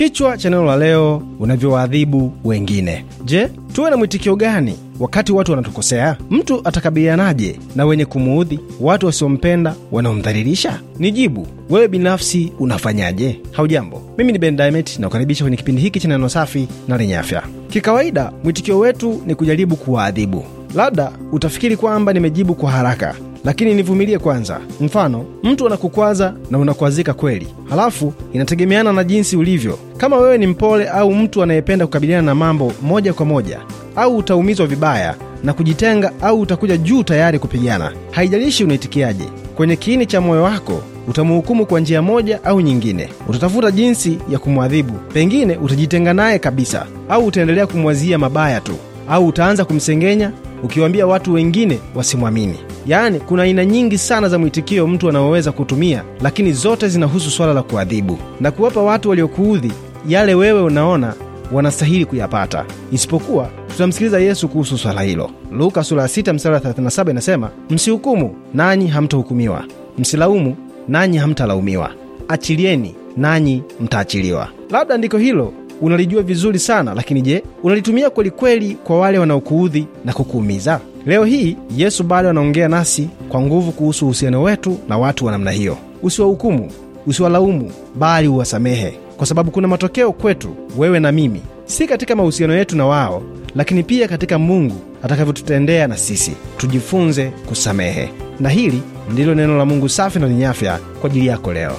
Kichwa cha neno la leo, unavyowaadhibu wengine. Je, tuwe na mwitikio gani wakati watu wanatukosea? Mtu atakabilianaje na wenye kumuudhi, watu wasiompenda, wanaomdhalilisha? Nijibu, wewe binafsi unafanyaje? Haujambo, mimi ni Ben Diamond na kukaribisha kwenye kipindi hiki cha neno safi na lenye afya. Kikawaida, mwitikio wetu ni kujaribu kuwaadhibu. Labda utafikiri kwamba nimejibu kwa haraka, lakini nivumilie kwanza. Mfano, mtu anakukwaza na unakwazika kweli, halafu inategemeana na jinsi ulivyo. Kama wewe ni mpole au mtu anayependa kukabiliana na mambo moja kwa moja, au utaumizwa vibaya na kujitenga, au utakuja juu tayari kupigana. Haijalishi unaitikiaje, kwenye kiini cha moyo wako utamuhukumu kwa njia moja au nyingine. Utatafuta jinsi ya kumwadhibu, pengine utajitenga naye kabisa, au utaendelea kumwazia mabaya tu, au utaanza kumsengenya ukiwaambia watu wengine wasimwamini. Yaani, kuna aina nyingi sana za mwitikio mtu anaoweza kutumia, lakini zote zinahusu swala la kuadhibu na kuwapa watu waliokuudhi yale wewe unaona wanastahili kuyapata. Isipokuwa tutamsikiliza Yesu kuhusu swala hilo. Luka sura ya 6 mstari 37 inasema, msihukumu nanyi hamtahukumiwa, msilaumu nanyi hamtalaumiwa, achilieni nanyi mtaachiliwa. Labda andiko hilo unalijua vizuri sana, lakini je, unalitumia kwelikweli kwa wale wanaokuudhi na kukuumiza? Leo hii Yesu bado anaongea nasi kwa nguvu kuhusu uhusiano wetu na watu wa namna hiyo. Usiwahukumu, usiwalaumu, bali uwasamehe, kwa sababu kuna matokeo kwetu wewe na mimi, si katika mahusiano yetu na wao, lakini pia katika Mungu atakavyotutendea na sisi. Tujifunze kusamehe, na hili ndilo neno la Mungu safi na lenye afya kwa ajili yako leo.